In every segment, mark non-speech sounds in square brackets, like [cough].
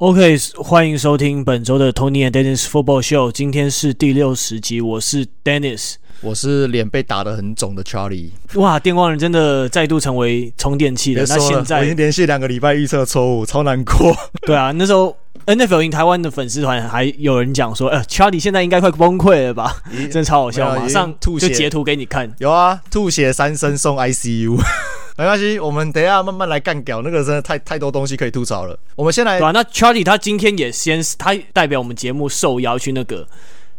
OK，歡迎收聽本週的 Tony and Dennis Football Show，今天是第六十集。我是 Dennis。我是臉被打得很的很腫的 Charlie。哇，電光人真的再度成為充電器了。那現在我已經連續兩個禮拜預測錯誤，超難過。對啊，那時候 NFL in 台灣的粉絲團還有人講說，呃、欸、，Charlie 現在應該快崩潰了吧？欸、真的超好笑嘛，馬上吐血上就截圖給你看。有啊，吐血三升送 ICU。 [laughs] 沒關係，我們等一下慢慢來幹掉那個，真的太太多東西可以吐槽了。我們先來吧、啊。那 Charlie 他今天也先他代表我們節目受邀去那個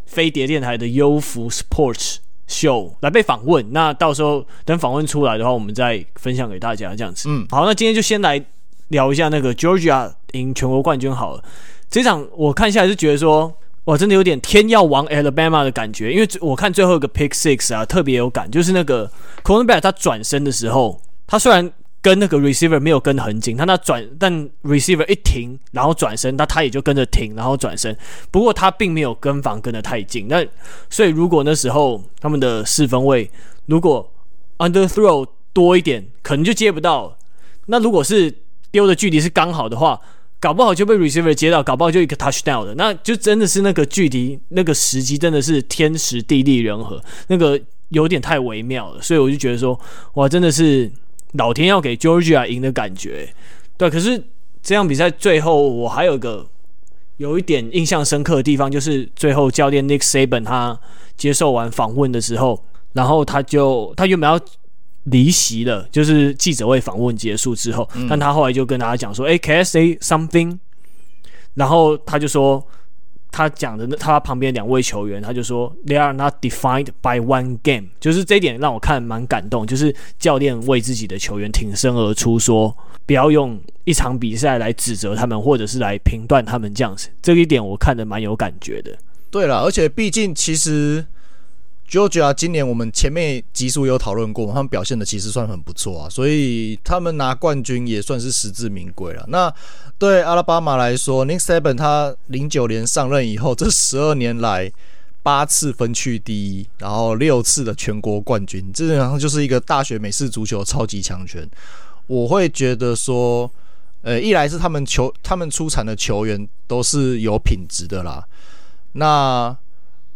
飛碟電台的優福 Sports Show 來被訪問。那到時候等訪問出來的話，我們再分享給大家這樣子。嗯，好，那今天就先來聊一下那個 Georgia 贏全國冠軍好了。這場我看下來是覺得說，哇，真的有點天要亡 Alabama 的感覺，因為我看最後一個 Pick Six 啊，特別有感，就是那個 Cornbell 他轉身的時候。他雖然跟那個 receiver 沒有跟得很緊，他那轉，但 receiver 一停，然後轉身，那他也就跟着停，然後轉身。不過他並沒有跟防跟得太近。那所以如果那時候他們的四分衛，如果 under throw 多一點，可能就接不到。那如果是丟的距離是剛好的話，搞不好就被 receiver 接到，搞不好就一個 touchdown 的，那就真的是那個距離，那個時機真的是天時地利人和，那個有點太微妙了。所以我就覺得說，哇，真的是。老天要給 Georgia 贏的感覺，對。可是這樣比賽最後，我還有一個有一點印象深刻的地方，就是最後教練 Nick Saban 他接受完訪問的時候，然後他就他原本要離席了，就是記者會訪問結束之後，嗯、但他後來就跟大家講說：“哎、hey, can I say something。”然後他就說。他講的那他旁邊兩位球員，他就說，They are not defined by one game。就是這一點讓我看蠻感動，就是教練為自己的球員挺身而出說，說不要用一場比賽來指責他們，或者是來評斷他們這樣子，這一點我看得蠻有感覺的。對了，而且畢竟其實。就覺得今年我們前面集數有討論過，他們表現的其實算很不錯啊，所以他們拿冠軍也算是實至名歸了。那對阿拉巴馬來說，Nick Saban 他零九年上任以後，這十二年來八次分區第一，然後六次的全國冠軍，這然後就是一個大學美式足球超級強權。我會覺得說，呃，一來是他們球他們出產的球員都是有品質的啦，那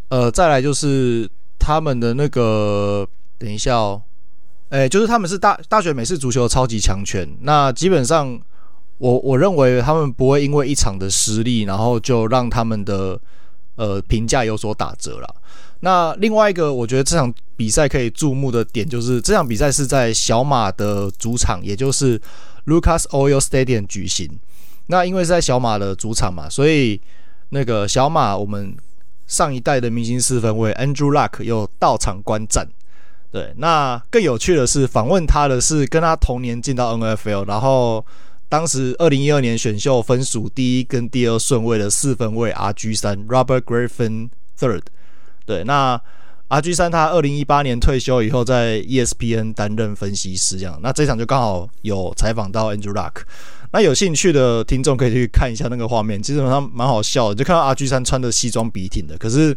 呃，再來就是。他們的那個，等一下哦，誒、欸，就是他們是大大學美式足球超級強權，那基本上我我認為他們不會因為一場的失利，然後就讓他們的呃評價有所打折啦。那另外一個，我覺得這場比賽可以注目的點就是這場比賽是在小馬的主場，也就是 Lucas Oil Stadium 舉行。那因為是在小馬的主場嘛，所以那個小馬我們。上一代的明星四分衛 Andrew Luck 又到場觀戰，對，那更有趣的是訪問他的是跟他同年進到 NFL，然後當時二零一二年選秀分數第一跟第二順位的四分衛，R G 三 Robert Griffin Third，對，那 R G 三他二零一八年退休以後在 ESPN 擔任分析師，這樣，那這場就剛好有採訪到 Andrew Luck。那有興趣的聽眾可以去看一下那個畫面，其實好像蠻好笑的，就看到 RG3 穿的西裝筆挺的，可是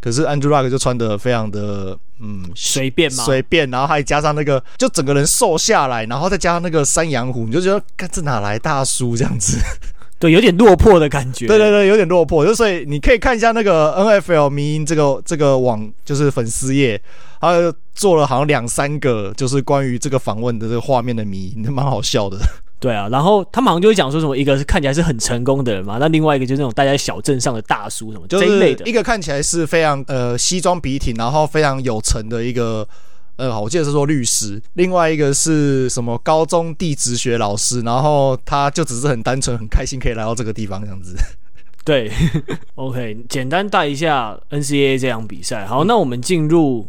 可是 Andrew Luck 就穿的非常的嗯隨便嘛，隨便，然後還加上那個就整個人瘦下來，然後再加上那個山羊胡，你就覺得這哪來大叔這樣子？對，有點落魄的感覺。對對對，有點落魄。就所以你可以看一下那個 NFL 迷因這個這個網，就是粉絲頁，他做了好像兩三個就是關於這個訪問的這個畫面的迷因，蠻好笑的。對啊，然後他們好像就會講說什麼，一個是看起來是很成功的人嘛，那另外一個就是那種待在小鎮上的大叔什麼、就是、這一類的，一個看起來是非常呃西裝筆挺，然後非常有成的一個呃，我記得是做律師，另外一個是什麼高中地質學老師，然後他就只是很單純很開心可以來到這個地方這樣子。對 [laughs] ，OK，簡單帶一下 NCAA 這場比賽，好，嗯、那我們進入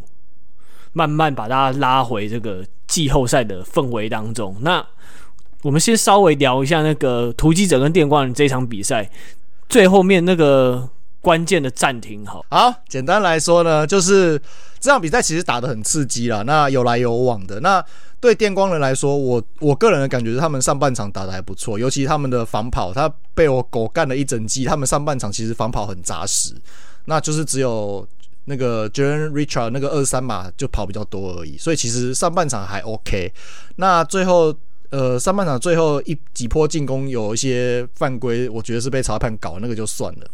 慢慢把大家拉回這個季後賽的氛圍當中，那。我們先稍微聊一下那個突擊者跟電光人這場比賽最後面那個關鍵的暫停。好，好，簡單來說呢，就是這場比賽其實打得很刺激啦，那有來有往的。那對電光人來說，我我個人的感覺是，他們上半場打得還不錯，尤其他們的防跑，他被我狗干了一整季。他們上半場其實防跑很扎實，那就是只有那個 John Richard 那個二三碼就跑比較多而已。所以其實上半場還 OK。那最後。呃，上半場最後一幾波進攻有一些犯規，我覺得是被裁判搞那個就算了，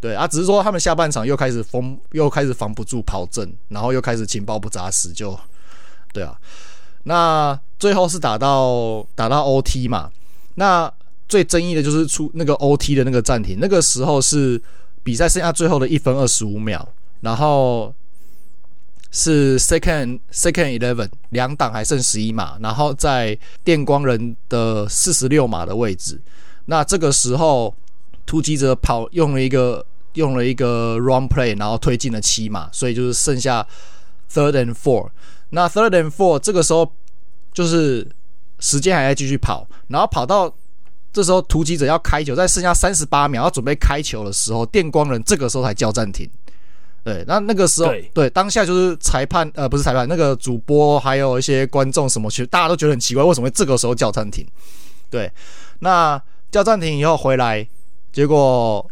對啊，只是說他們下半場又開始封，又開始防不住跑陣，然後又開始情報不扎實，就對啊。那最後是打到打到 O T 嘛，那最爭議的就是出那個 O T 的那個暫停，那個時候是比賽剩下最後的一分二十五秒，然後。是 second second eleven 兩檔還剩十一碼，然後在電光人的四十六碼的位置。那這個時候突擊者跑用了一個用了一個 run play，然後推進了七碼，所以就是剩下 third and four。那 third and four 這個時候就是時間還在繼續跑，然後跑到這時候突擊者要開球，再剩下三十八秒，要準備開球的時候，電光人這個時候才叫暫停。對，那那個時候，對，對當下就是裁判，呃，不是裁判，那個主播還有一些觀眾什麼，其實大家都覺得很奇怪，為什麼會這個時候叫暫停？對，那叫暫停以後回來，結果，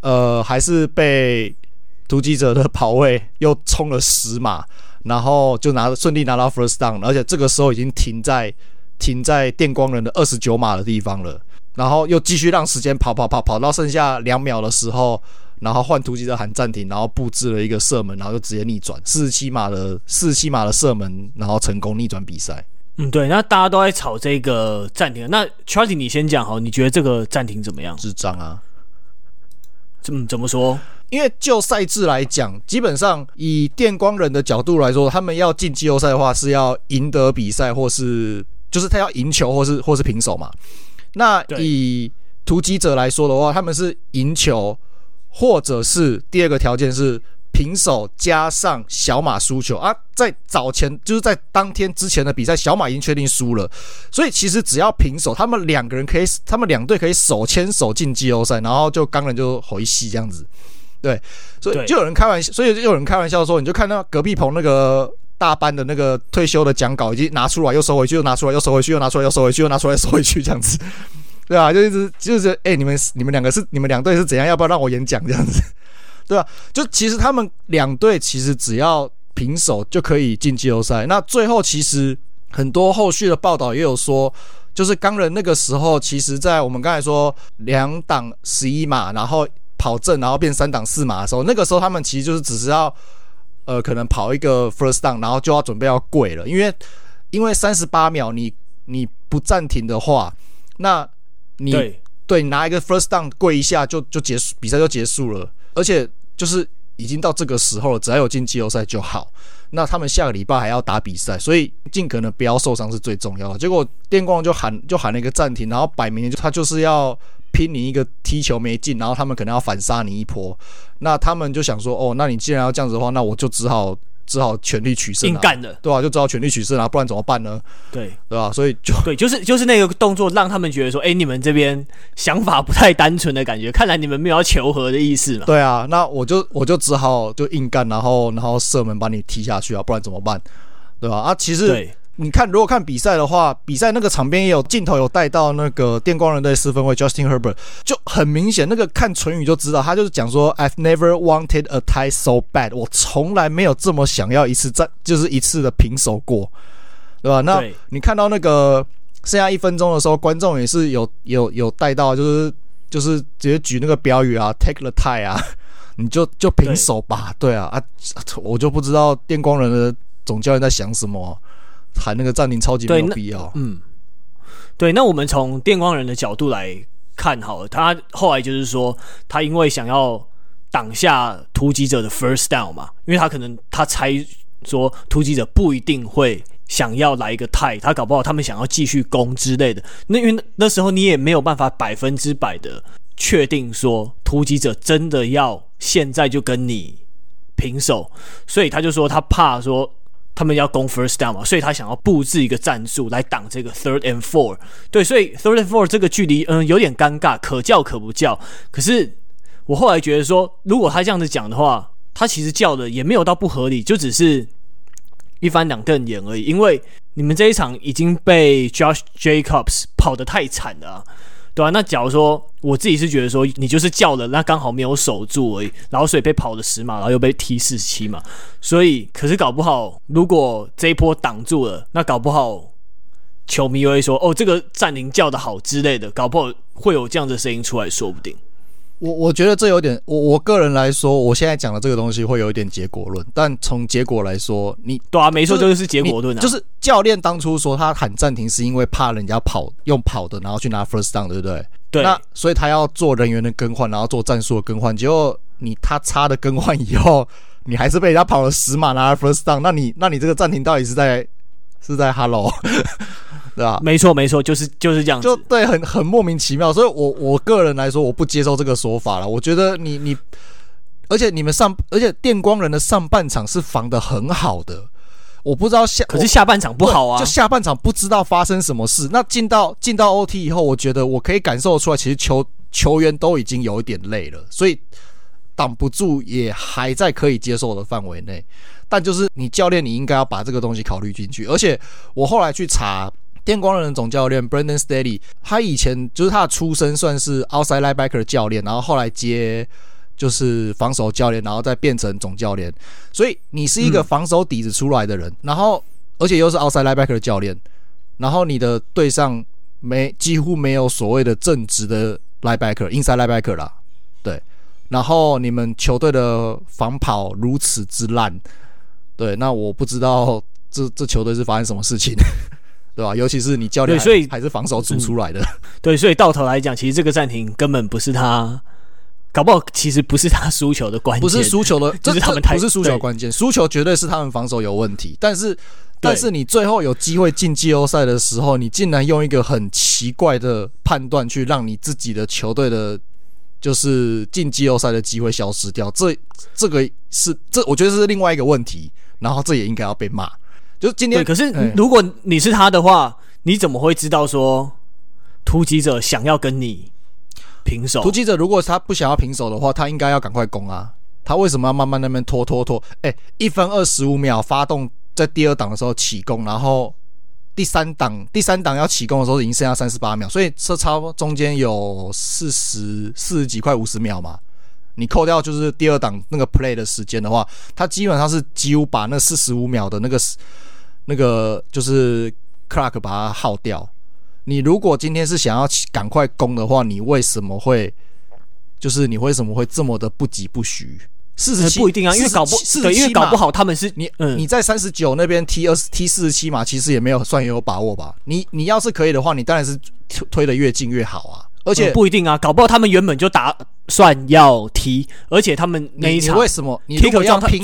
呃，還是被突擊者的跑位又衝了十碼，然後就拿順利拿到 first down，而且這個時候已經停在停在電光人的二十九碼的地方了，然後又繼續讓時間跑，跑跑跑，跑到剩下兩秒的時候。然後換突擊者喊暫停，然後布置了一個射門，然後就直接逆轉，四十七碼的四十七碼的射門，然後成功逆轉比賽。嗯，對。那大家都在吵這個暫停。那 Charlie，你先講哈，你覺得這個暫停怎麼樣？智障啊！怎、嗯、怎麼說？因為就賽制來講，基本上以電光人的角度來說，他們要進季後賽的話是要贏得比賽，或是就是他要贏球，或是或是平手嘛。那以突擊者來說的話，他們是贏球。或者是第二個條件是平手加上小馬輸球啊，在早前就是在當天之前的比賽，小馬已經確定輸了，所以其實只要平手，他們兩個人可以，他們兩隊可以手牽手進季後賽，然後就鋼人就回吸這樣子，對，所以就有人開玩笑，所以就有人開玩笑說，你就看到隔壁棚那個大班的那個退休的講稿已經拿出來又收回去，又拿出來又收回去，又拿出來又收回去，又拿出來收回去這樣子。對啊，就一直，就是，哎、欸，你們你們兩個是你們兩隊是怎樣？要不要讓我演講這樣子？對啊，就其實他們兩隊其實只要平手就可以進季後賽。那最後其實很多後續的報道也有說，就是鋼人那個時候，其實在我們剛才說兩檔十一碼，然後跑正，然後變三檔四碼的時候，那個時候他們其實就是只是要呃可能跑一個 first down，然後就要準備要跪了，因為因為三十八秒你你不暫停的話，那你對，對，你拿一個 first down 跪一下就就結束比賽就結束了，而且就是已經到這個時候了，只要有進季後賽就好。那他們下個禮拜還要打比賽，所以盡可能不要受傷是最重要的。結果電光就喊就喊了一個暫停，然後擺明了就他就是要拼你一個踢球沒進，然後他們可能要反殺你一波。那他們就想說，哦，那你既然要這樣子的話，那我就只好。只好全力取勝，啊，硬幹的，對吧，啊？就只好全力取勝，啊，不然怎麼辦呢？對，對吧，啊？所以就對，就是就是那個動作，讓他們覺得說，哎，你們這邊想法不太單純的感覺，看來你們沒有要求和的意思嘛？對啊，那我就我就只好就硬幹，然後然後射門把你踢下去啊，不然怎麼辦？對吧？啊，啊，其實。你看，如果看比賽的話，比賽那個場邊也有鏡頭有帶到那個電光人隊四分衛 Justin Herbert，就很明顯，那個看唇語就知道，他就是講說 "I've never wanted a tie so bad"，我從來沒有這麼想要一次再，就是一次的平手過，對吧？那對你看到那個剩下一分鐘的時候，觀眾也是有有有帶到，就是就是直接舉那個標語啊，"Take the tie 啊， [laughs] 你就就平手吧"，對,對啊啊，我就不知道電光人的總教練在想什麼啊。喊那個暫停超級沒有必要。嗯，對，那我們從電光人的角度來看，好了，他後來就是說，他因為想要擋下突擊者的 first down 嘛，因為他可能他猜說突擊者不一定會想要來一個 tie，他搞不好他們想要繼續攻之類的。那因為那時候你也沒有辦法百分之百的確定說突擊者真的要現在就跟你平手，所以他就說他怕說。他們要攻 first down 嘛，所以他想要布置一個戰術來擋這個 third and four。對，所以 third and four 這個距離，嗯，有點尷尬，可叫可不叫。可是我後來覺得說，如果他這樣子講的話，他其實叫的也沒有到不合理，就只是一翻兩瞪眼而已。因為你們這一場已經被 Josh Jacobs 跑得太慘了啊。對、啊，那假如說我自己是覺得說，你就是叫了，那剛好沒有守住而已，然後水被跑了十碼，然後又被踢四七嘛，所以可是搞不好，如果這一波擋住了，那搞不好球迷又會說哦，這個暫停叫得好之類的，搞不好會有這樣的聲音出來，說不定。我我覺得這有點，我我個人來說，我現在講的這個東西會有一點結果論。但從結果來說，你對啊，沒錯，就是結果論啊。就，就是教練當初說他喊暫停是因為怕人家跑用跑的，然後去拿 first down，對不對？對。那所以他要做人員的更換，然後做戰術的更換。結果你他差的更換以後，你還是被人家跑了十碼拿了 first down，那你那你這個暫停到底是在？是在 Hello， [laughs] 對吧？沒錯，沒錯，就是就是這樣。就對，很很莫名其妙。所以，我我個人來說，我不接受這個說法了。我覺得你你，而且你們上，而且電光人的上半場是防得很好的。我不知道下，可是下半場不好啊。就下半場不知道發生什麼事。那進到進到 OT 以後，我覺得我可以感受出來，其實球球員都已經有一點累了，所以擋不住，也還在可以接受的範圍內。但就是你教練，你應該要把這個東西考慮進去。而且我後來去查，電光人總教練 Brandon Staley，他以前就是他的出身算是 Outside Linebacker 的教練，然後後來接就是防守教練，然後再變成總教練。所以你是一個防守底子出來的人，然後而且又是 Outside Linebacker 的教練，然後你的隊上沒幾乎沒有所謂的正直的 Linebacker Inside Linebacker 啦，對。然後你們球隊的防跑如此之爛。對，那我不知道這這球隊是發生什麼事情，對吧？尤其是你教練，對，所以還是防守組出來的、嗯。對，所以到頭來講，其實這個暫停根本不是他，搞不好其實不是他輸球的關鍵，不是輸球的，就是他們太不是輸球的關鍵，輸對球絕對是他們防守有問題。但是，但是你最後有機會進季後賽的時候，你竟然用一個很奇怪的判斷去讓你自己的球隊的。就是進季後賽的機會消失掉，這這個是這，我覺得是另外一個問題，然後這也應該要被罵。就是今天，對可是，欸、如果你是他的話，你怎麼會知道說突擊者想要跟你平手？突擊者如果他不想要平手的話，他應該要趕快攻啊！他為什麼要慢慢那邊拖拖拖？哎，一、欸、分二十五秒發動，在第二檔的時候起攻，然後。第三檔，第三檔要起攻的時候，已經剩下三十八秒，所以車超中間有四十四十幾塊五十秒嘛。你扣掉就是第二檔那個 play 的時間的話，它基本上是幾乎把那四十五秒的那個那個就是 clock 把它耗掉。你如果今天是想要趕快攻的話，你為什麼會就是你為什麼會這麼的不疾不徐？四十七不一定啊，因為搞不，四十七對，因為搞不好他們是你，嗯、你在三十九那邊踢二踢四十七嘛，其實也沒有算有把握吧。你你要是可以的話，你當然是推推的越近越好啊。而且，嗯、不一定啊，搞不好他們原本就打算要踢，而且他們那一場你，你為什麼踢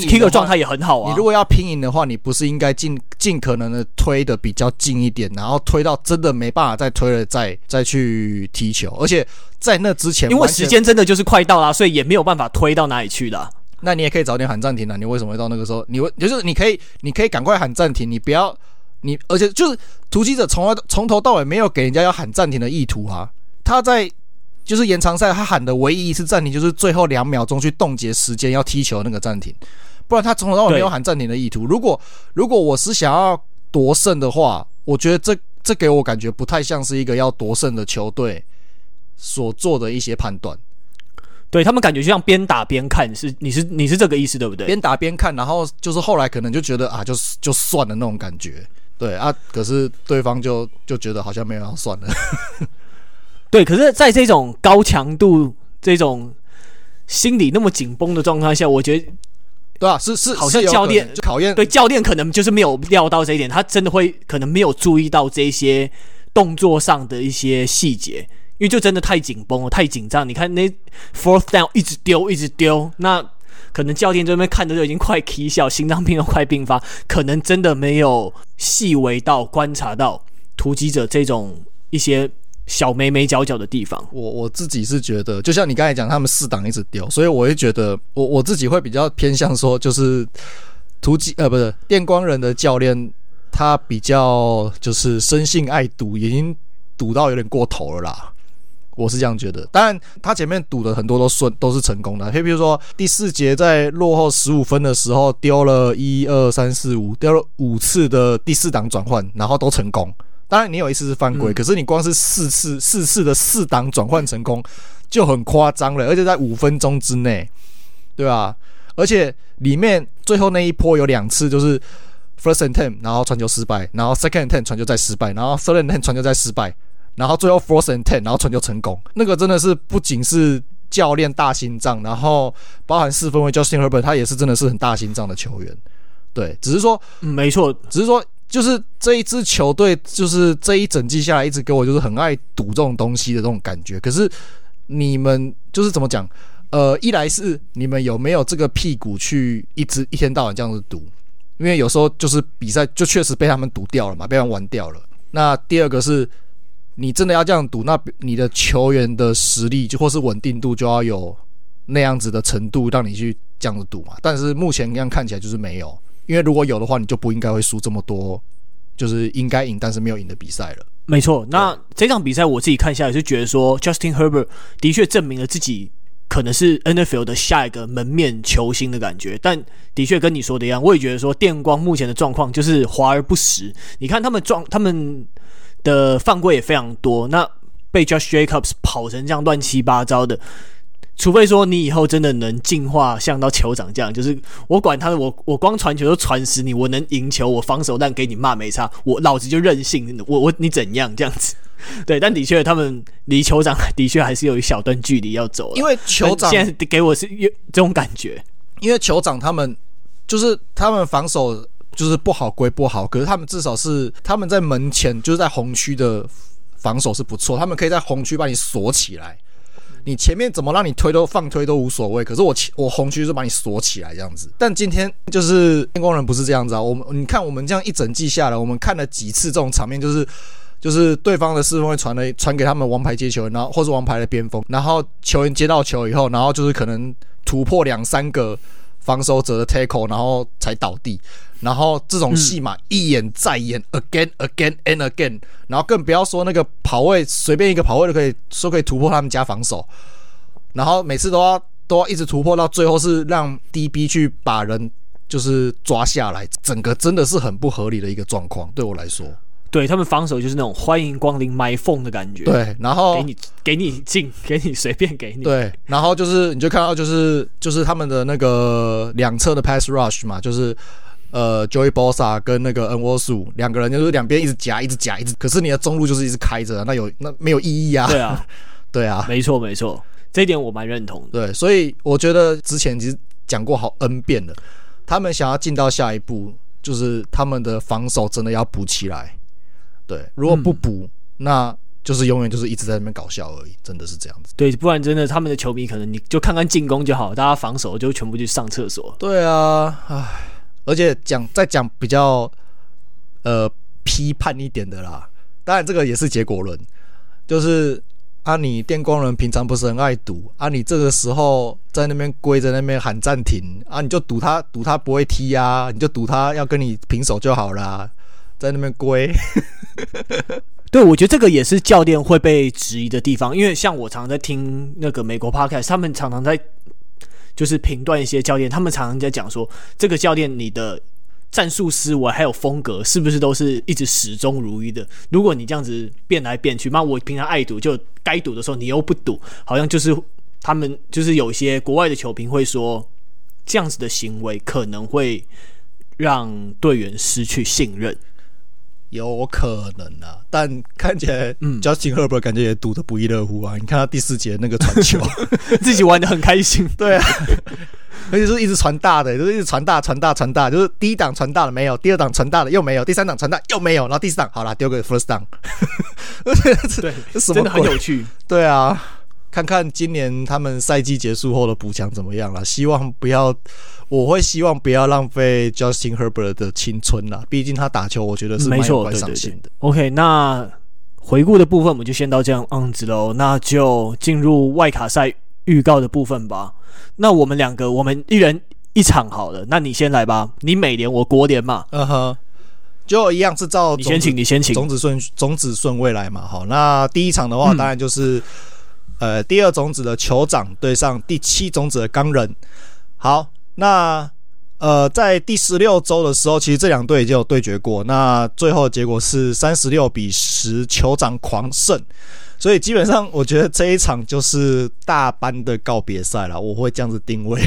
踢個狀態也很好啊。你如果要拼贏的，啊、的話，你不是應該盡盡可能的推的比較近一點，然後推到真的沒辦法再推了再，再再去踢球。而且在那之前，因為時間真的就是快到啦，所以也沒有辦法推到哪裡去的啊。那你也可以早點喊暫停了啊。你為什麼會到那個時候？你會就是你可以，你可以趕快喊暫停。你不要，你而且就是突擊者從來從頭到尾沒有給人家要喊暫停的意圖哈啊。他在就是延長賽，他喊的唯一一次暫停就是最後兩秒鐘去凍結時間要踢球那個暫停，不然他從頭到尾沒有喊暫停的意圖。如果如果我是想要奪勝的話，我覺得這這給我感覺不太像是一個要奪勝的球隊所做的一些判斷。對，他們感覺就像邊打邊看，是你是你是這個意思對不對？邊打邊看，然後就是後來可能就覺得啊，就就算了那種感覺。對啊，可是對方就就覺得好像沒有要算了。對，可是，在這種高強度、這種心理那麼緊繃的狀態下，我覺得對啊，是是，好像教練有就考驗對，教練可能就是沒有料到這一點，他真的會可能沒有注意到這些動作上的一些細節。因為就真的太緊繃了，太緊張。你看那 fourth down 一直丟，一直丟，那可能教練這邊看着就已經快啼笑，心臟病都快病發，可能真的沒有細微到觀察到突擊者這種一些小眉眉角角的地方。我我自己是覺得，就像你剛才講，他們四檔一直丟，所以我會覺得，我我自己會比較偏向說，就是突擊呃，不是電光人的教練，他比較就是生性愛賭，已經賭到有點過頭了啦。我是這樣覺得，當然他前面賭的很多都順都是成功的，就比如說第四節在落後十五分的時候丟了一二三四五，丟了五次的第四檔轉換，然後都成功。當然你有一次是犯規，嗯、可是你光是四次四次的四檔轉換成功就很誇張了，而且在五分鐘之內，對吧、啊？而且裡面最後那一波有兩次就是 first and ten，然後傳球失敗，然後 second and ten 傳球再失敗，然後 third and ten 傳球再失敗。然後最後 fourth and ten，然後傳球成功，那個真的是不僅是教練大心臟，然後包含四分衛 Justin Herbert，他也是真的是很大心臟的球員。對，只是說，嗯，沒錯，只是說，就是這一支球隊，就是這一整季下來，一直給我就是很愛賭這種東西的這種感覺。可是你們就是怎麼講？呃，一來是你們有沒有這個屁股去一直一天到晚這樣子賭？因為有時候就是比賽就確實被他們賭掉了嘛，被他們玩掉了。那第二個是。你真的要這樣賭？那你的球員的實力就或是穩定度就要有那樣子的程度，讓你去這樣子賭嘛。但是目前這樣看起來就是沒有，因為如果有的話，你就不應該會輸這麼多，就是應該贏但是沒有贏的比賽了。沒錯，那這場比賽我自己看下來是覺得說，Justin Herbert 的確證明了自己可能是 NFL 的下一個門面球星的感覺，但的確跟你說的一樣，我也覺得說電光目前的狀況就是華而不實。你看他們狀他們。的犯規也非常多，那被 Josh Jacobs 跑成這樣亂七八糟的，除非說你以後真的能進化像到酋長這樣，就是我管他的，我我光傳球都傳死你，我能贏球，我防守但給你罵沒差，我老子就任性，我我你怎樣這樣子，對，但的確他們離酋長的確還是有一小段距離要走了，因為酋長現在給我是這種感覺，因為酋長他們就是他們防守。就是不好歸不好，可是他們至少是他們在門前就是在紅區的防守是不錯，他們可以在紅區把你鎖起來。你前面怎麼讓你推都放推都無所謂，可是我我紅區就是把你鎖起來這樣子。但今天就是電光人不是這樣子啊，我們你看我們這樣一整季下來，我們看了幾次這種場面，就是就是對方的四分衛傳了傳給他們王牌接球，然後或是王牌的邊鋒，然後球員接到球以後，然後就是可能突破兩三個防守者的 tackle，然後才倒地。然後這種戲碼一演再演，again again and again。然後更不要說那個跑位，隨便一個跑位都可以說可以突破他們家防守。然後每次都要都要一直突破到最後是讓 DB 去把人就是抓下來，整個真的是很不合理的一個狀況。對我來說，對，對他們防守就是那種歡迎光臨 my phone 的感覺。對，然後給你給你進，給你隨便給你。對，然後就是你就看到就是就是他們的那個兩側的 pass rush 嘛，就是。呃，Joey Bosa 跟那個恩沃蘇兩個人就是兩邊一直夾，一直夾，一直。可是你的中路就是一直開着，那有那沒有意義啊？對啊， [laughs] 對啊，沒錯沒錯，這一點我蠻認同的。對，所以我覺得之前其實講過好 N 遍了，他們想要進到下一步，就是他們的防守真的要補起來。對，如果不補，嗯、那就是永遠就是一直在那邊搞笑而已，真的是這樣子。對，不然真的他們的球迷可能你就看看進攻就好，大家防守就全部去上廁所。對啊，哎。而且講再講比較，呃，批判一點的啦。當然，這個也是結果論，就是啊，你電光人平常不是很愛賭啊，你這個時候在那邊跪在那邊喊暫停啊，你就賭他賭他不會踢啊，你就賭他要跟你平手就好啦，在那邊跪。 [laughs] 對，我覺得這個也是教練會被質疑的地方，因為像我常常在聽那個美國 Podcast，他們常常在。就是評斷一些教練，他們常常在講說，這個教練你的戰術思維還有風格，是不是都是一直始終如一的？如果你這樣子變來變去，那我平常愛賭，就該賭的時候你又不賭，好像就是他們就是有些國外的球評會說，這樣子的行為可能會讓隊員失去信任。有可能啊，但看起來 Justin 嗯 Justin Herbert 感覺也賭的不亦樂乎啊！你看他第四節那個傳球， [laughs] 自己玩的很開心。對啊，而且 [laughs] 是一直傳大的，就是一直傳大、傳大、傳大，就是第一檔傳大了沒有，第二檔傳大了又沒有，第三檔傳大又沒有，然後第四檔好啦，丟個 first down，而且對，什麼真的很有趣。 [laughs] 對啊。看看今年他們賽季結束後的補強怎麼樣了。希望不要，我會希望不要浪費 Justin Herbert 的青春啦，畢竟他打球，我覺得是蠻有上限的對對對。OK，那回顧的部分我們就先到這樣樣子嘍。那就進入外卡賽預告的部分吧。那我們兩個，我們一人一場好了。那你先來吧，你美聯，我國聯嘛。嗯哼，就一樣是照你先請，你先請種子順、種子順位來嘛。好，那第一場的話，當然就是。嗯呃，第二種子的酋長對上第七種子的鋼人，好，那呃，在第十六周的時候，其實這兩隊已經有對決過，那最後的結果是三十六比十，酋長狂勝，所以基本上我覺得這一場就是大班的告別賽了，我會這樣子定位。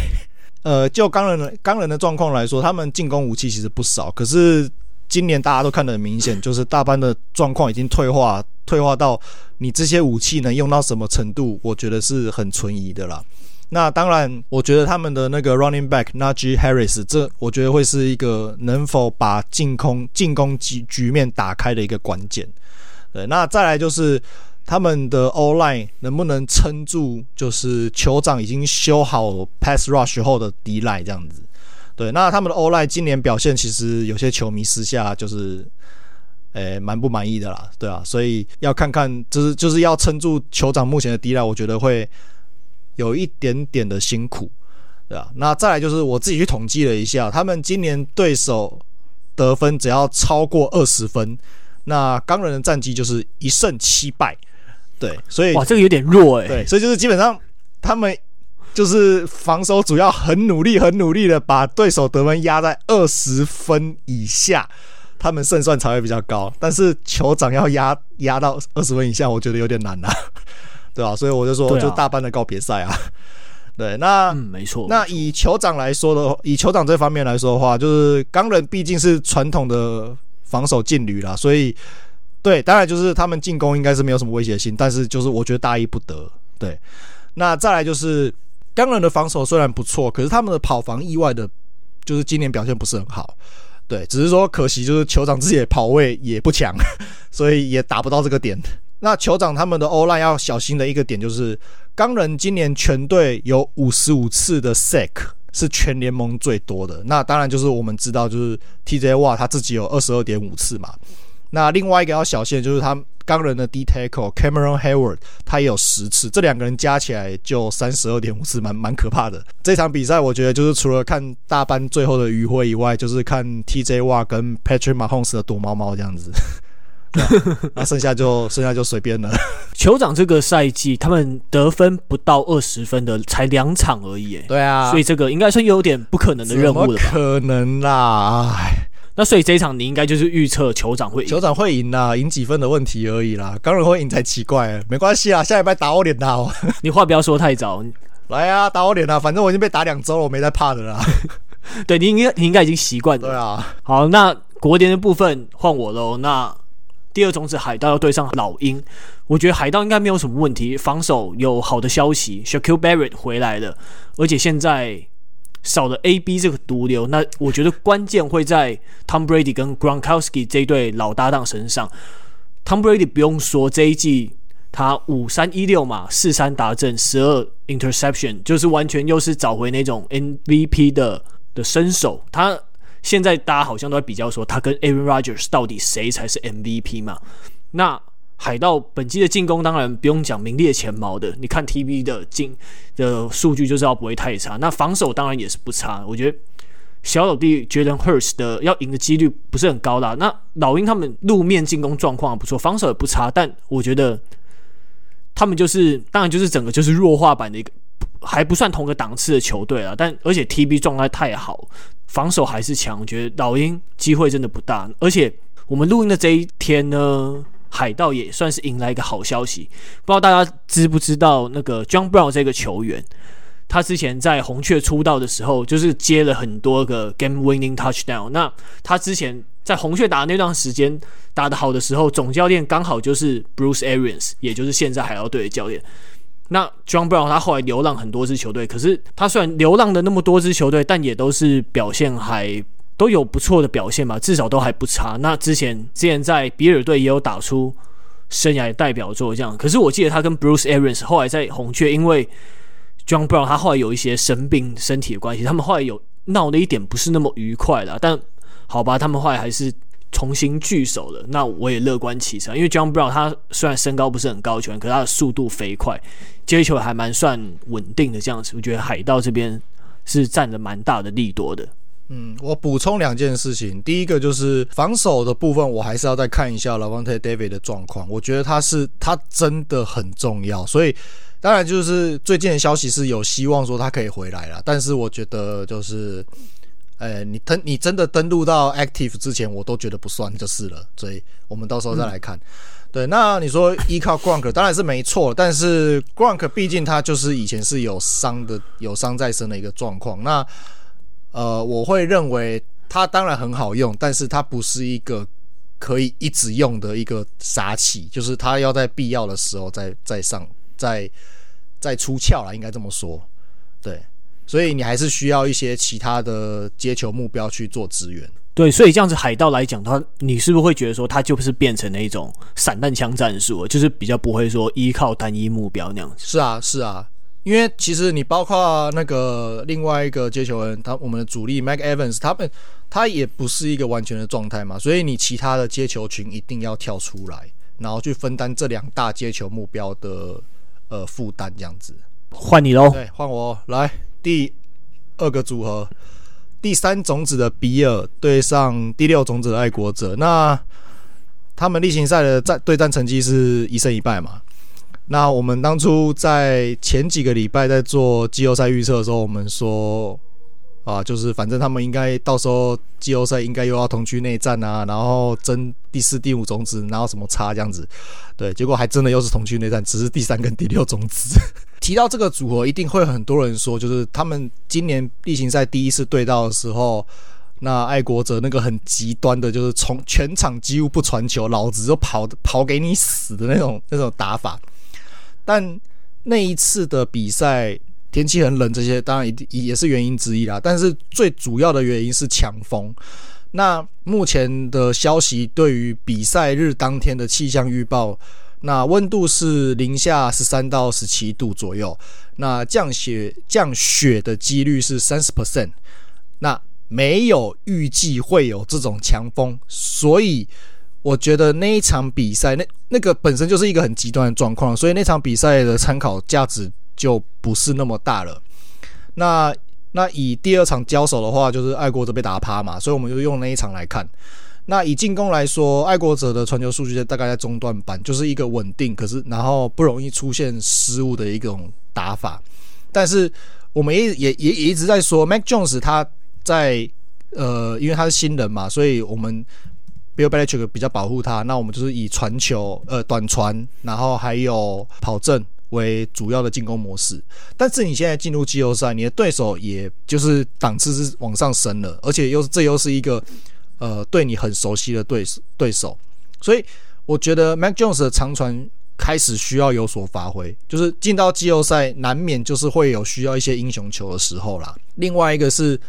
呃，就鋼人、人的鋼人的狀況來說，他們進攻武器其實不少，可是今年大家都看得很明顯，就是大班的狀況已經退化。退化到你這些武器能用到什麼程度？我覺得是很存疑的啦。那當然，我覺得他們的那個 running back Najee Harris，這我覺得會是一個能否把進攻進攻局局面打開的一個關鍵。對，那再來就是他們的 O-line 能不能撐住？就是酋長已經修好 pass rush 後的 D-line 這樣子。對，那他們的 O-line 今年表現，其實有些球迷私下就是。誒，蠻、欸、不滿意的啦，對啊，所以要看看，就是就是要撐住酋長目前的低瀨，我覺得會有一點點的辛苦，對啊，那再來就是我自己去統計了一下，他們今年對手得分只要超過二十分，那鋼人的戰績就是一勝七敗，對，所以哇，這個有點弱哎、欸，對，所以就是基本上他們就是防守主要很努力、很努力的把對手得分壓在二十分以下。他們勝算才會比較高，但是酋長要壓壓到二十分以下，我覺得有點難啊，對啊，所以我就說，就大班的告別賽啊。對，啊 [laughs] 對，那、嗯、沒錯。那以酋長來說的話，錯以酋長這方面來說的話，就是鋼人畢竟是傳統的防守勁旅啦，所以對，當然就是他們進攻應該是沒有什麼威脅性，但是就是我覺得大意不得。對，那再來就是鋼人的防守雖然不錯，可是他們的跑防意外的，就是今年表現不是很好。對，只是說可惜就是酋長自己的跑位也不強，所以也達不到這個點。那酋長他們的歐 e 要小心的一個點就是，鋼人今年全隊有五十五次的 sec 是全聯盟最多的。那當然就是我們知道，就是 TJ y 他自己有二十二點五次嘛。那另外一個要小心的就是他鋼人的 D-Tackle Cameron Hayward，他也有十次，這兩個人加起來就三十二點五次，蠻蠻可怕的。這場比賽我覺得就是除了看大班最後的餘暉以外，就是看 TJ Watt 跟 Patrick Mahomes 的躲貓貓這樣子。 [laughs] [laughs] 那剩下就剩下就隨便了。酋長這個賽季他們得分不到二十分的才兩場而已，對啊，所以這個應該算有點不可能的任務了。可能啦、啊，哎那所以這場你應該就是預測酋長會酋長會贏啦、啊，贏幾分的問題而已啦。鋼人會贏才奇怪，沒關係啊，下禮拜打我臉啊， [laughs] 你話不要說太早，來啊，打我臉啊，反正我已經被打兩週了，我沒在怕的啦。 [laughs] [laughs] 對，你應該你應該已經習慣了。對啊，好，那國聯的部分換我嘍。那第二種子海盜要對上老鷹，我覺得海盜應該沒有什麼問題，防守有好的消息，Shaquil Barrett 回來了，而且現在。少了 A B 這個毒瘤，那我覺得關鍵會在 Tom Brady 跟 Gronkowski 這一對老搭檔身上。Tom Brady 不用說，這一季他五三一六嘛，四三達陣，十二 interception，就是完全又是找回那種 MVP 的的身手。他現在大家好像都在比較說，他跟 Aaron Rodgers 到底誰才是 MVP 嘛？那海盜本季的進攻當然不用講，名列前茅的。你看 T B 的進的數據就知道不會太差。那防守當然也是不差。我覺得小老弟覺得 Hurts 的要贏的幾率不是很高啦、啊。那老鷹他們路面進攻狀況不錯，防守也不差，但我覺得他們就是當然就是整個就是弱化版的一個，還不算同個檔次的球隊啊。但而且 T B 狀態太好，防守還是強，我覺得老鷹機會真的不大。而且我們錄音的這一天呢，海盜也算是迎來一個好消息，不知道大家知不知道那個 John Brown 這個球員，他之前在紅雀出道的時候，就是接了很多個 game winning touchdown。那他之前在紅雀打的那段時間，打得好的時候，總教練剛好就是 Bruce Arians，也就是現在海盜隊的教練。那 John Brown 他後來流浪很多支球隊，可是他雖然流浪的那麼多支球隊，但也都是表現還。都有不錯的表現吧，至少都還不差。那之前之前在比爾隊也有打出生涯代表作，這樣。可是我記得他跟 Bruce Arians 後來在紅雀，因為 John Brown 他後來有一些生病身體的關係，他們後來有鬧的一點不是那麼愉快啦，但好吧，他們後來還是重新聚首了。那我也樂觀其成，因為 John Brown 他雖然身高不是很高全，全可他的速度飛快，接球還蠻算穩定的。這樣子，我覺得海盜這邊是占了蠻大的利多的。嗯，我補充兩件事情。第一個就是防守的部分，我還是要再看一下 Lavonte David 的狀況。我覺得他是他真的很重要，所以當然就是最近的消息是有希望說他可以回來了。但是我覺得就是，呃、欸，你登你真的登錄到 Active 之前，我都覺得不算就是了。所以我們到時候再來看。嗯、對，那你說依靠 Gronk [laughs] 當然是沒錯，但是 Gronk 畢竟他就是以前是有傷的、有傷在身的一個狀況。那呃，我會認為它當然很好用，但是它不是一個可以一直用的一個殺器，就是它要在必要的時候再再上，再再出鞘了，應該這麼說。對，所以你還是需要一些其他的接球目標去做支援。對，所以這樣子海盜來講，他你是不是會覺得說，他就是變成了一種散彈槍戰術，就是比較不會說依靠單一目標那樣。是啊，是啊。因為其實你包括那個另外一個接球人，他我們的主力 Mike Evans，他們他也不是一個完全的狀態嘛，所以你其他的接球群一定要跳出來，然後去分擔這兩大接球目標的呃負擔，這樣子。換你嘍。對，換我來第二個組合，第三種子的比爾對上第六種子的愛國者，那他們例行賽的戰對戰成績是一勝一敗嘛。那我們當初在前幾個禮拜在做季後賽預測的時候，我們說啊，就是反正他們應該到時候季後賽應該又要同區內戰啊，然後爭第四、第五種子，然後什麼差這樣子，對，結果還真的又是同區內戰，只是第三跟第六種子。 [laughs] 提到這個組合，一定會很多人說，就是他們今年例行賽第一次對到的時候，那愛國者那個很極端的，就是從全場幾乎不傳球，老子就跑跑給你死的那種那種打法。但那一次的比賽天氣很冷，這些當然也也是原因之一啦。但是最主要的原因是強風。那目前的消息對於比賽日當天的氣象預報，那溫度是零下十三到十七度左右，那降雪降雪的幾率是三十 percent，那沒有預計會有這種強風，所以。我覺得那一場比賽，那那個本身就是一個很極端的狀況，所以那場比賽的參考價值就不是那麼大了。那那以第二場交手的話，就是愛國者被打趴嘛，所以我們就用那一場來看。那以進攻來說，愛國者的傳球數據大概在中段班，就是一個穩定，可是然後不容易出現失誤的一種打法。但是我們也也也一直在說，Mac Jones 他在呃，因為他是新人嘛，所以我們。Bill Belichick 比較保護他，那我們就是以傳球、呃短傳，然後還有跑陣為主要的進攻模式。但是你現在進入季後賽，你的對手也就是檔次是往上升了，而且又是這又是一個呃對你很熟悉的對對手，所以我覺得 Mac Jones 的長傳開始需要有所發揮，就是進到季後賽難免就是會有需要一些英雄球的時候啦。另外一個是。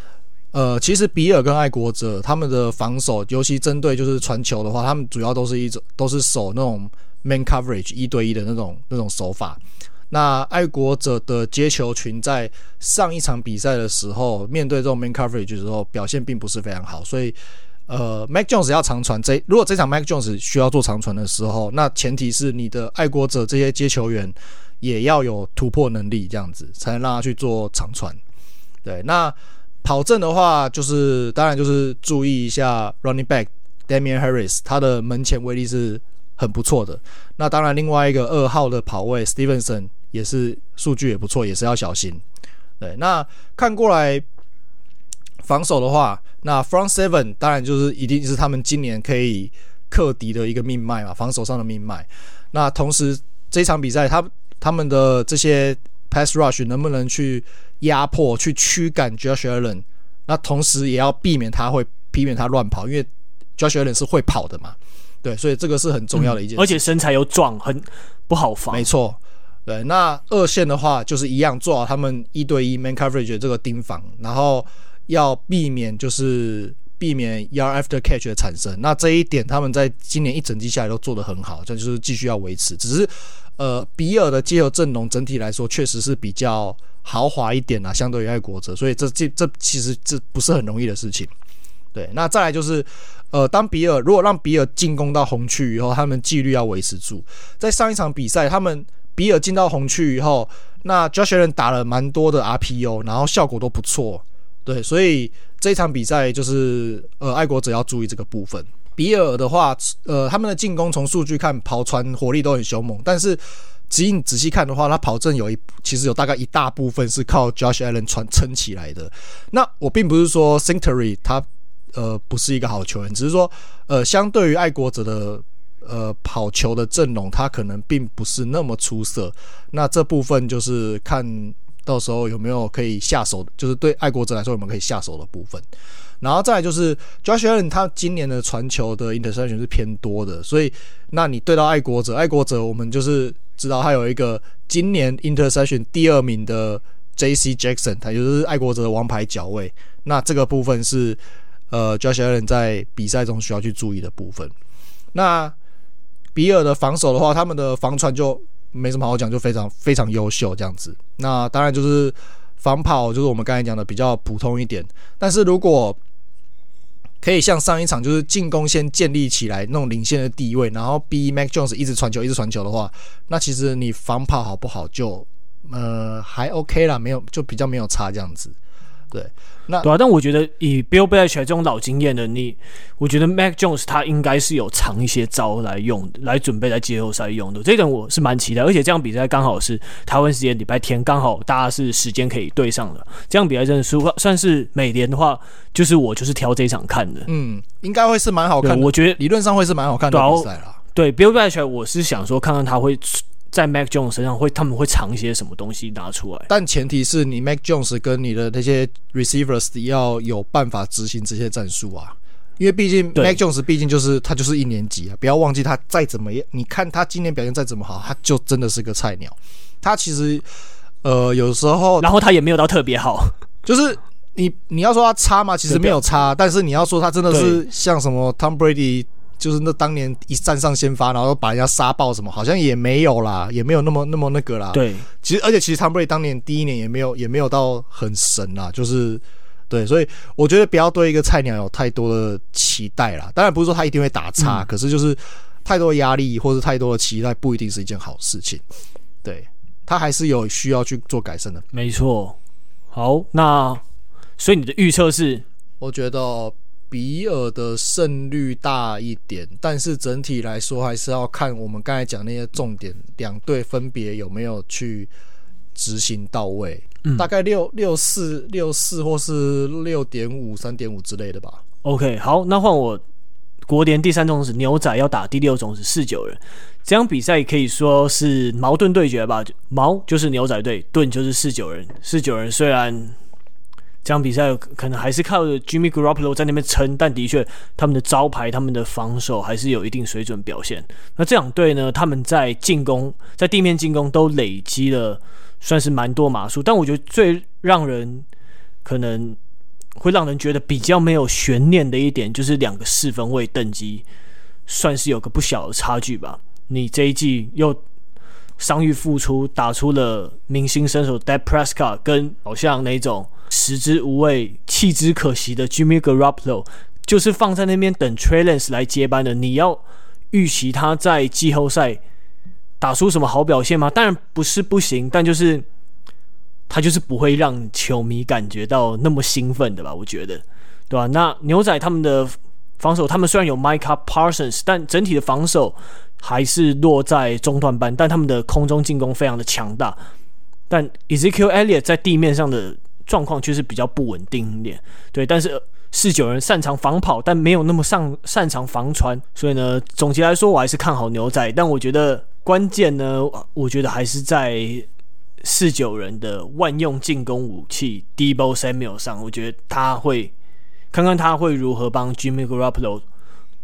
呃，其實比爾跟愛國者他們的防守，尤其針對就是傳球的話，他們主要都是一種都是守那種 man coverage 一對一的那種那種手法。那愛國者的接球群在上一場比賽的時候，面對這種 man coverage 的時候表現並不是非常好，所以呃，Mac Jones 要長傳，這如果這場 Mac Jones 需要做長傳的時候，那前提是你的愛國者這些接球員也要有突破能力，這樣子才能讓他去做長傳。對，那。跑陣的話，就是當然就是注意一下 Running Back Damien Harris，他的門前威力是很不錯的。那當然另外一個二號的跑位 Stevenson 也是數據也不錯，也是要小心。對，那看過來防守的話，那 Front Seven 當然就是一定是他們今年可以克敵的一個命脈嘛，防守上的命脈。那同時這場比賽他他們的這些。Pass rush 能不能去壓迫、去驅趕 Josh Allen，那同時也要避免他會避免他亂跑，因為 Josh Allen 是會跑的嘛。對，所以這個是很重要的一件事，嗯。而且身材又壯，很不好防。沒錯，對。那二線的話就是一樣，做好他們一對一 man coverage 的這個盯防，然後要避免就是。避免 yard after catch 的產生，那這一點他們在今年一整季下來都做得很好，這就是繼續要維持。只是呃，比爾的接球陣容整體來說確實是比較豪華一點啊，相對於愛國者，所以這這這其實這不是很容易的事情。對，那再來就是呃，當比爾如果讓比爾進攻到紅區以後，他們紀律要維持住。在上一場比賽，他們比爾進到紅區以後，那 Josh Allen 打了蠻多的 RPO，然後效果都不錯。對，所以。這場比賽就是，呃，愛國者要注意這個部分。比爾的話，呃，他們的進攻從數據看，跑傳火力都很兇猛，但是只你仔細看的話，他跑陣有一，其實有大概一大部分是靠 Josh Allen 傳撐起來的。那我並不是說 Singletary 他呃不是一個好球員，只是說，呃，相對於愛國者的呃跑球的陣容，他可能並不是那麼出色。那這部分就是看。到時候有沒有可以下手？就是對愛國者來說，我們可以下手的部分。然後再來就是 Josh Allen，他今年的傳球的 interception 是偏多的，所以那你對到愛國者，愛國者我們就是知道他有一個今年 interception 第二名的 JC Jackson，他就是愛國者的王牌角衛。那這個部分是呃 Josh Allen 在比賽中需要去注意的部分。那比爾的防守的話，他們的防傳就。沒什麼好講，就非常非常優秀這樣子。那當然就是防跑，就是我們剛才講的比較普通一點。但是如果可以像上一場，就是進攻先建立起來那種領先的地位，然後逼 Mac Jones 一直傳球一直傳球的話，那其實你防跑好不好就呃還 OK 啦，沒有，就比較沒有差這樣子。對，那對啊，但我覺得以 Bill Belichick 這種老經驗的，你，我覺得 Mac Jones 他應該是有藏一些招來用來準備來季後賽用的。這點我是蠻期待，而且這樣比賽剛好是台灣時間禮拜天，剛好大家是時間可以對上的。這樣比賽真的，如果算是美聯的話，就是我就是挑這一場看的。嗯，應該會是蠻好看的。我覺得理論上會是蠻好看的比賽對，啊、對，Bill Belichick 我是想說看看他會。在 Mac Jones 身上會，他們會藏一些什麼東西拿出來？但前提是你 Mac Jones 跟你的那些 receivers 要有辦法執行這些戰術啊，因為畢竟 Mac 對 Jones 畢竟就是他就是一年級啊，不要忘記他再怎麼樣，你看他今年表現再怎麼好，他就真的是個菜鳥。他其實呃有時候，然後他也沒有到特別好，就是你你要說他差嗎？其實沒有差，但是你要說他真的是像什麼 Tom Brady。就是那當年一站上先發，然後把人家殺爆什麼，好像也沒有啦，也沒有那麼那麼那個啦。對，其實而且其實湯布瑞當年第一年也沒有，也沒有到很神啦。就是，對，所以我覺得不要對一個菜鳥有太多的期待啦。當然不是說他一定會打差，嗯、可是就是太多壓力或是太多的期待不一定是一件好事情。對，他還是有需要去做改善的。沒錯。好，那所以你的預測是？我覺得。比爾的勝率大一點，但是整體來說還是要看我們剛才講那些重點，兩隊分別有沒有去執行到位。嗯，大概六六四六四，六四或是六點五三點五之類的吧。OK，好，那換我國聯第三種子牛仔要打第六種子四九人，這場比賽可以說是矛盾對決吧？矛就是牛仔隊，盾就是四九人。四九人雖然。這場比賽可能還是靠着 Jimmy Garoppolo 在那邊撐，但的確他們的招牌、他們的防守還是有一定水準表現。那這兩隊呢？他們在進攻，在地面進攻都累積了算是蠻多碼數，但我覺得最讓人可能會讓人覺得比較沒有懸念的一點，就是兩個四分衛等級算是有個不小的差距吧。你這一季又傷癒復出，打出了明星身手 Dak Prescott 跟好像那種。食之無味，棄之可惜的 Jimmy Garoppolo，就是放在那邊等 Trey Lance 來接班的。你要預期他在季後賽打出什麼好表現嗎？當然不是不行，但就是他就是不會讓球迷感覺到那麼興奮的吧？我覺得，對吧、啊？那牛仔他們的防守，他們雖然有 Micah Parsons，但整體的防守還是落在中段班，但他們的空中進攻非常的強大。但 Ezekiel Elliott 在地面上的，狀況確實比較不穩定一點，對，但是四九、呃、人擅長防跑，但沒有那麼擅擅長防傳，所以呢，總結來說，我還是看好牛仔，但我覺得關鍵呢我，我覺得還是在四九人的萬用進攻武器 Deebo Samuel 上，我覺得他會看看他會如何幫 Jimmy Garoppolo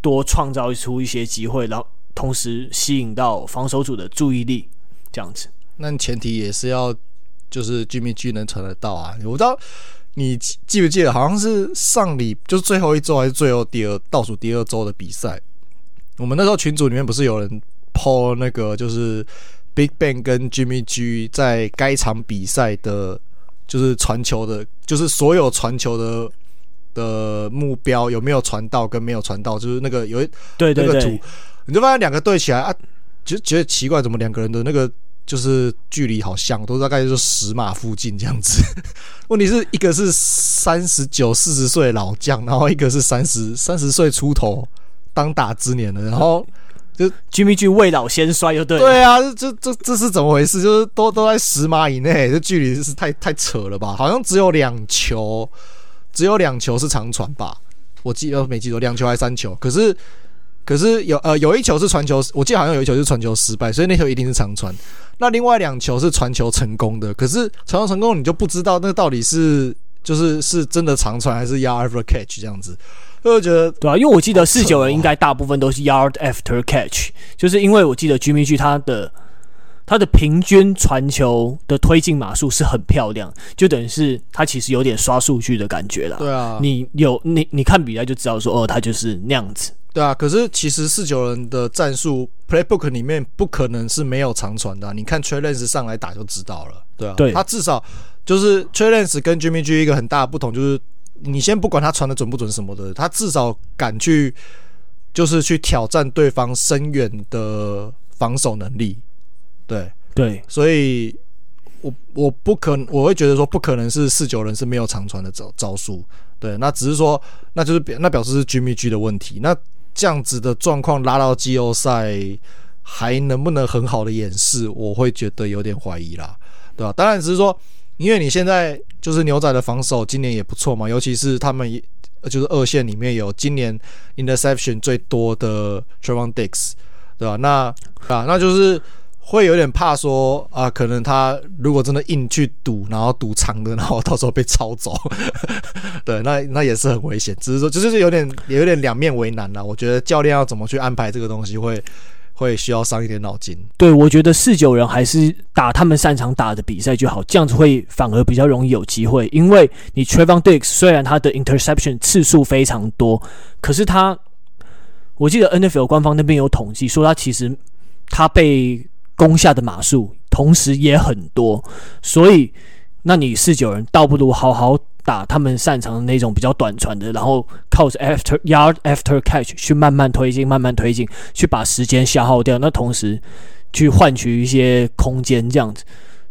多創造出一些機會，然後同時吸引到防守組的注意力，這樣子。那前提也是要。就是 Jimmy G 能傳得到啊！我不知道你記不記得，好像是上禮，就是最後一周還是最後第二倒數第二周的比賽，我們那時候群組裡面不是有人 po 那個就是 Big Bang 跟 Jimmy G 在該場比賽的，就是傳球的，就是所有傳球的的目標有沒有傳到跟沒有傳到，就是那個有一，對對對，那個圖，你就發現兩個對起來啊，就覺得奇怪，怎麼兩個人的那個。就是距離好像都大概就十碼附近這樣子，問題是一個是三十九四十歲老將，然後一個是三十三十歲出頭當打之年了，然後就 Jimmy G 未老先衰就對。對啊，這這這是怎麼回事？就是都都在十碼以內，這距離是太太扯了吧？好像只有兩球，只有兩球是長傳吧？我記得沒記錯，兩球還是三球？可是。可是有呃有一球是傳球，我記得好像有一球是傳球失敗，所以那球一定是長傳。那另外兩球是傳球成功的，可是傳球成功你就不知道那到底是就是是真的長傳還是 yard after catch 這樣子。所以我覺得對啊，因為我記得四九人應該大部分都是 yard after catch，就是因為我記得 Jimmy G 它的它的平均傳球的推進碼數是很漂亮，就等於是它其實有點刷數據的感覺啦。對啊，你有你你看比賽就知道說哦，它就是那樣子。對啊，可是其實四九人的戰術 playbook 裡面不可能是沒有長傳的啊。你看 Trey Lance 上來打就知道了。對啊，對他至少就是 Trey Lance 跟 Jimmy G 一個很大的不同就是，你先不管他傳的準不準什麼的，他至少敢去就是去挑戰對方深遠的防守能力。對對，所以我我不可能我會覺得說不可能是四九人是沒有長傳的招招數。對，那只是說那就是表那表示是 Jimmy G 的問題。那這樣子的狀況拉到季後賽還能不能很好的演示，我會覺得有點懷疑啦，對吧、啊？當然只是說，因為你現在就是牛仔的防守今年也不錯嘛，尤其是他們就是二線裡面有今年 interception 最多的 Trevon Diggs，對吧？那啊，啊、那就是。會有點怕說啊、呃，可能他如果真的硬去賭，然後賭場的，然後到時候被抄走， [laughs] 對，那那也是很危險。只是說，就是有點也有點兩面為難了。我覺得教練要怎麼去安排這個東西，會會需要傷一點腦筋。對，我覺得四九人還是打他們擅長打的比賽就好，這樣子會反而比較容易有機會。因為你 Trevon Diggs 雖然他的 interception 次數非常多，可是他我記得 NFL 官方那邊有統計說，他其實他被。攻下的碼數同時也很多，所以那你四九人倒不如好好打他們擅長的那種比較短傳的，然後靠着 after yard after catch 去慢慢推進，慢慢推進，去把時間消耗掉，那同時去換取一些空間，這樣子，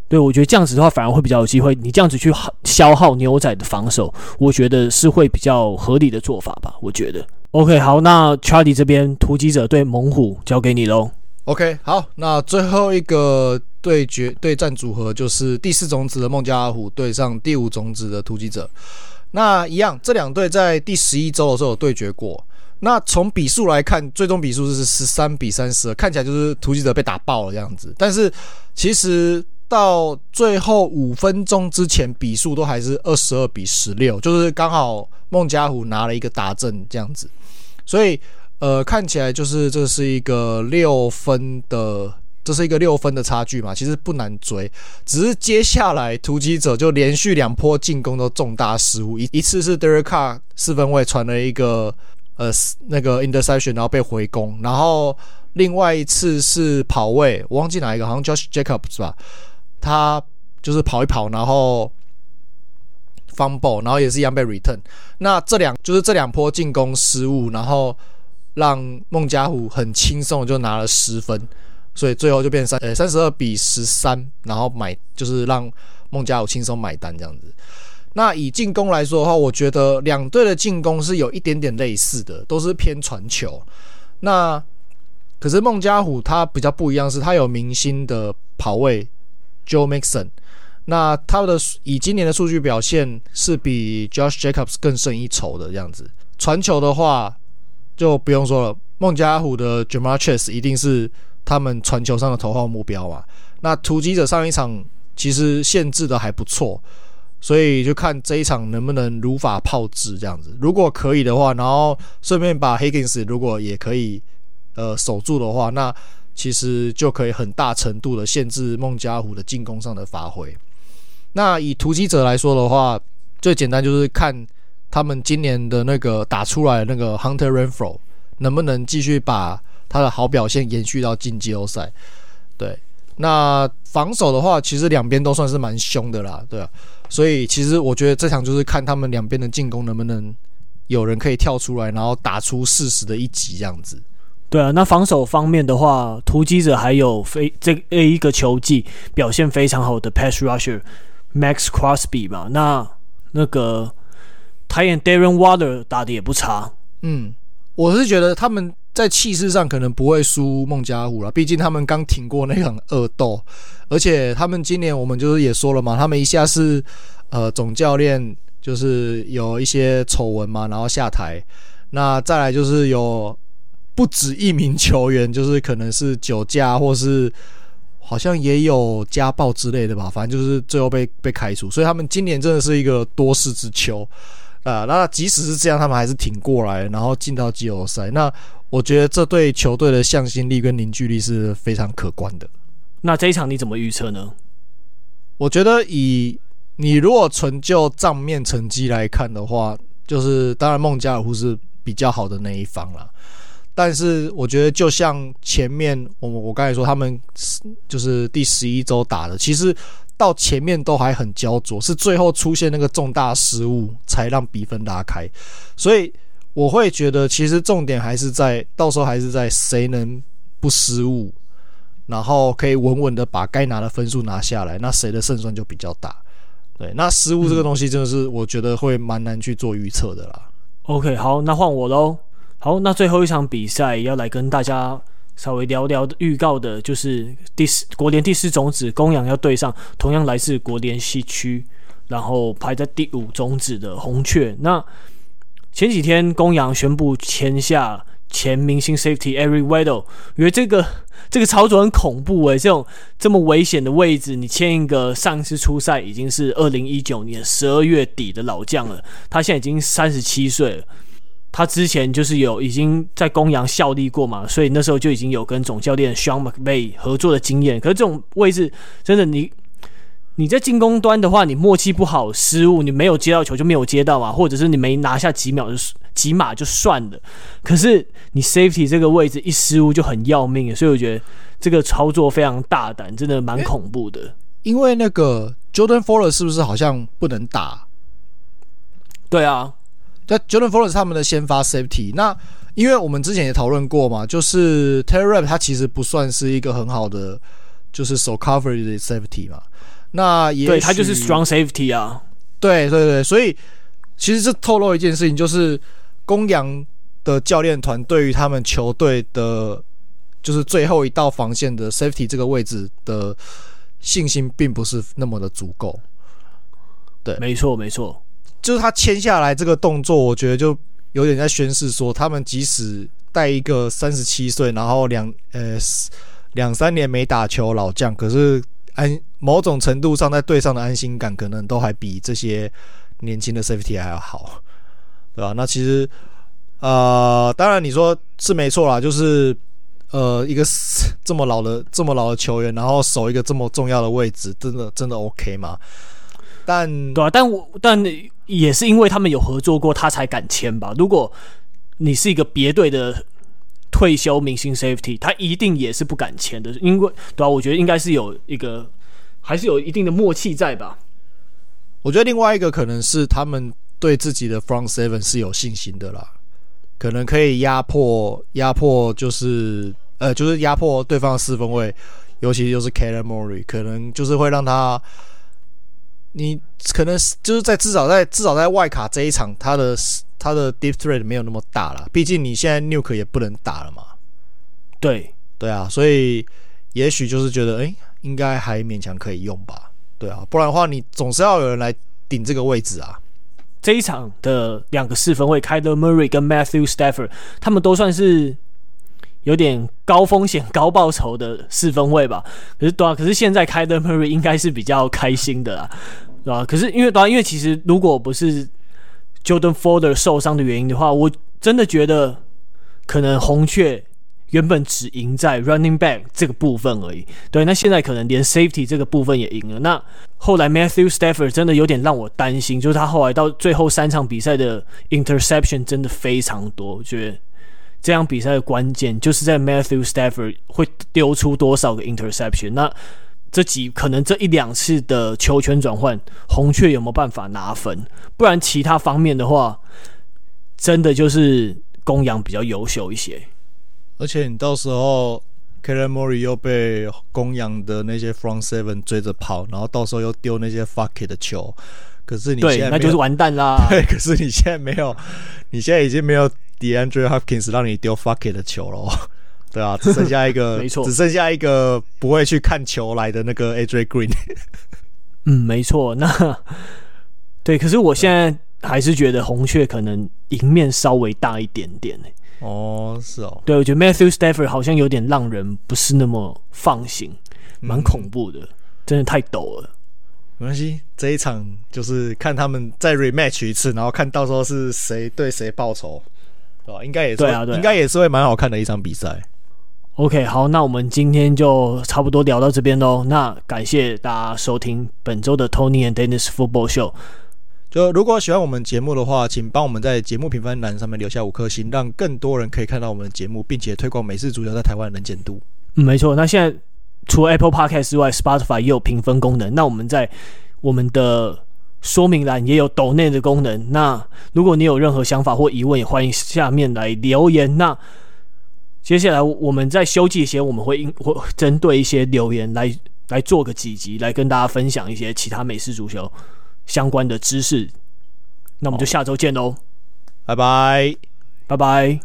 對，我覺得這樣子的話反而會比較有機會。你這樣子去耗消耗牛仔的防守，我覺得是會比較合理的做法吧，我覺得。OK，好，那 Charlie 這邊突擊者對猛虎交給你嘍。OK，好，那最後一個對決對戰組合就是第四種子的孟加拉虎對上第五種子的突擊者。那一樣，這兩隊在第十一周的時候有對決過。那從比數來看，最終比數是十三比三十二，看起來就是突擊者被打爆了這樣子。但是其實到最後五分鐘之前，比數都還是二十二比十六，就是剛好孟加拉虎拿了一個達陣這樣子，所以。呃，看起來就是這是一個六分的，這是一個六分的差距嘛。其實不難追，只是接下來突擊者就連續兩波進攻都重大失誤。一一次是 Derek Carr 四分衛傳了一個呃那個 interception，然後被回攻。然後另外一次是跑位，我忘記哪一個，好像 Josh Jacobs 是吧？他就是跑一跑，然後 fumble，然後也是一樣被 return。那這兩就是這兩波進攻失誤，然後。讓孟加虎很輕鬆就拿了十分，所以最後就變三呃三十二比十三，然後買就是讓孟加虎輕鬆買單這樣子。那以進攻來說的話，我覺得兩隊的進攻是有一點點類似的，都是偏傳球。那可是孟加虎他比較不一樣是，他有明星的跑位 Joe Mixon，那他的以今年的數據表現是比 Josh Jacobs 更勝一籌的這樣子。傳球的話，就不用說了，孟加拉虎的 Ja'Marr Chase 一定是他們傳球上的頭號目標嘛。那突擊者上一場其實限制的還不錯，所以就看這一場能不能如法炮制這樣子。如果可以的話，然後順便把 Higgins 如果也可以呃守住的話，那其實就可以很大程度的限制孟加拉虎的進攻上的發揮。那以突擊者來說的話，最簡單就是看。他們今年的那個打出來的那個 Hunter Renfrow 能不能繼續把他的好表現延續到進季後賽？對，那防守的話，其實兩邊都算是蠻兇的啦，對啊。所以其實我覺得這場就是看他們兩邊的進攻能不能有人可以跳出來，然後打出適時的一擊這樣子。對啊，那防守方面的話，突擊者還有非這個、A 一個球技表現非常好的 Pass Rusher Max Crosby 嘛，那那個。台演 Darren Water 打的也不差。嗯，我是覺得他們在氣勢上可能不會輸孟加拉虎了，畢竟他們剛挺過那場惡鬥，而且他們今年我們就是也說了嘛，他們一下是呃總教練就是有一些醜聞嘛，然後下台，那再來就是有不止一名球員，就是可能是酒駕或是好像也有家暴之類的吧，反正就是最後被被開除，所以他們今年真的是一個多事之秋。啊、呃，那即使是這樣，他們還是挺過來，然後進到季後賽。那我覺得這對球隊的向心力跟凝聚力是非常可觀的。那這一場你怎麼預測呢？我覺得以你如果純就賬面成績來看的話，就是當然孟加拉虎是比較好的那一方啦。但是我覺得就像前面我我剛才說，他們就是第十一周打的，其實。到前面都還很焦灼，是最後出現那個重大失誤才讓比分拉開，所以我會覺得其實重點還是在，到時候還是在誰能不失誤，然後可以穩穩的把該拿的分數拿下來，那誰的勝算就比較大。對，那失誤這個東西真的是我覺得會蠻難去做預測的啦。OK，好，那換我嘍。好，那最後一場比賽要來跟大家。稍微聊聊預告的，就是第四國聯第四種子公羊要對上，同樣來自國聯西區，然後排在第五種子的紅雀。那前幾天公羊宣布簽下前明星 Safety Eric Weddle，因為這個這個操作很恐怖誒、欸，這種這麼危險的位置，你簽一個上次出賽已經是二零一九年十二月底的老將了，他現在已經三十七歲了。他之前就是有已經在公羊效力過嘛，所以那時候就已經有跟總教練 Sean McVay 合作的經驗。可是這種位置真的你，你你在進攻端的話，你默契不好，失誤，你沒有接到球就沒有接到啊，或者是你沒拿下幾秒就幾碼就算了。可是你 Safety 這個位置一失誤就很要命，所以我覺得這個操作非常大膽，真的蠻恐怖的。因為那個 Jordan Fuller 是不是好像不能打？對啊。在 Jordan Fuller 是他們的先發 Safety。那因為我們之前也討論過嘛，就是 Taylor Rapp 他其實不算是一個很好的就是守 Coverage Safety 嘛。那也對他就是 Strong Safety 啊。對對對，所以其實這透露一件事情，就是公羊的教練團對於他們球隊的，就是最後一道防線的 Safety 這個位置的信心並不是那麼的足夠。對，沒錯，沒錯。就是他簽下來這個動作，我覺得就有點在宣示說，他們即使帶一個三十七歲，然後兩呃兩三年沒打球老將，可是安某種程度上在隊上的安心感，可能都還比這些年輕的 safety 還要好，對吧、啊？那其實啊、呃，當然你說是沒錯啦，就是呃一個這麼老的這麼老的球員，然後守一個這麼重要的位置，真的真的 OK 嗎？但對啊，但我但。也是因為他們有合作過，他才敢簽吧？如果你是一個別隊的退休明星 Safety 他一定也是不敢簽的，因為對吧、啊？我覺得應該是有一個，還是有一定的默契在吧？我覺得另外一個可能是他們對自己的 Front Seven 是有信心的啦，可能可以壓迫壓迫，就是呃，就是壓迫對方的四分衛，尤其就是 Kyler Murray 可能就是會讓他。你可能就是在至少在至少在外卡這一場他、他的他的 deep threat 沒有那麼大了，畢竟你現在 Nuker 也不能打了嘛。對對啊，所以也許就是覺得，哎、欸，應該還勉強可以用吧。對啊，不然的話，你總是要有人來頂這個位置啊。這一場的兩個四分衛 Kyler Murray 跟 Matthew Stafford，他們都算是有點高風險高報酬的四分衛吧。可是對啊，可是現在 Kyler Murray 應該是比較開心的啦。 [laughs] 對吧、啊？可是因為對吧？因為其實如果不是 Jordan Fuller 受傷的原因的話，我真的覺得可能紅雀原本只贏在 Running Back 這個部分而已。對，那現在可能連 Safety 這個部分也贏了。那後來 Matthew Stafford 真的有點讓我擔心，就是他後來到最後三場比賽的 Interception 真的非常多。我覺得這場比賽的關鍵就是在 Matthew Stafford 會丟出多少個 Interception。那這幾可能這一兩次的球權轉換，紅雀有沒有辦法拿分？不然其他方面的話，真的就是公羊比較優秀一些。而且你到時候 Kyler Murray 又被公羊的那些 Front Seven 追着跑，然後到時候又丟那些 fucking 的球，可是你現在對，那就是完蛋啦。對，可是你現在沒有，你現在已經沒有 DeAndre Hopkins 讓你丟 fucking 的球嘍。對啊，只剩下一個， [laughs] 沒錯，只剩下一個不會去看球來的那個 AJ Green。 [laughs] 嗯，沒錯。那對，可是我現在還是覺得紅雀可能贏面稍微大一點點誒。哦，是哦。對，我覺得 Matthew Stafford 好像有點讓人不是那麼放心，蠻恐怖的，嗯、真的太陡了。沒關係，這一場就是看他們再 rematch 一次，然後看到時候是誰對誰報仇，對吧，啊？應該也是對啊，對啊，應該也是會蠻好看的一場比賽。OK，好，那我們今天就差不多聊到這邊嘍。那感謝大家收聽本週的 Tony and Dennis Football Show。就如果喜歡我們節目的話，請幫我們在節目評分欄上面留下五顆星，讓更多人可以看到我們的節目，並且推廣美式足球在台灣的能見度。沒錯，那現在除 Apple Podcast 之外，Spotify 也有評分功能。那我們在我們的說明欄也有斗內的功能。那如果你有任何想法或疑問，也歡迎下面來留言。那。接下來，我們在休季前，我們會應會針對一些留言來來做個幾集，來跟大家分享一些其他美式足球相關的知識。那我們就下周見嘍，拜拜，拜拜。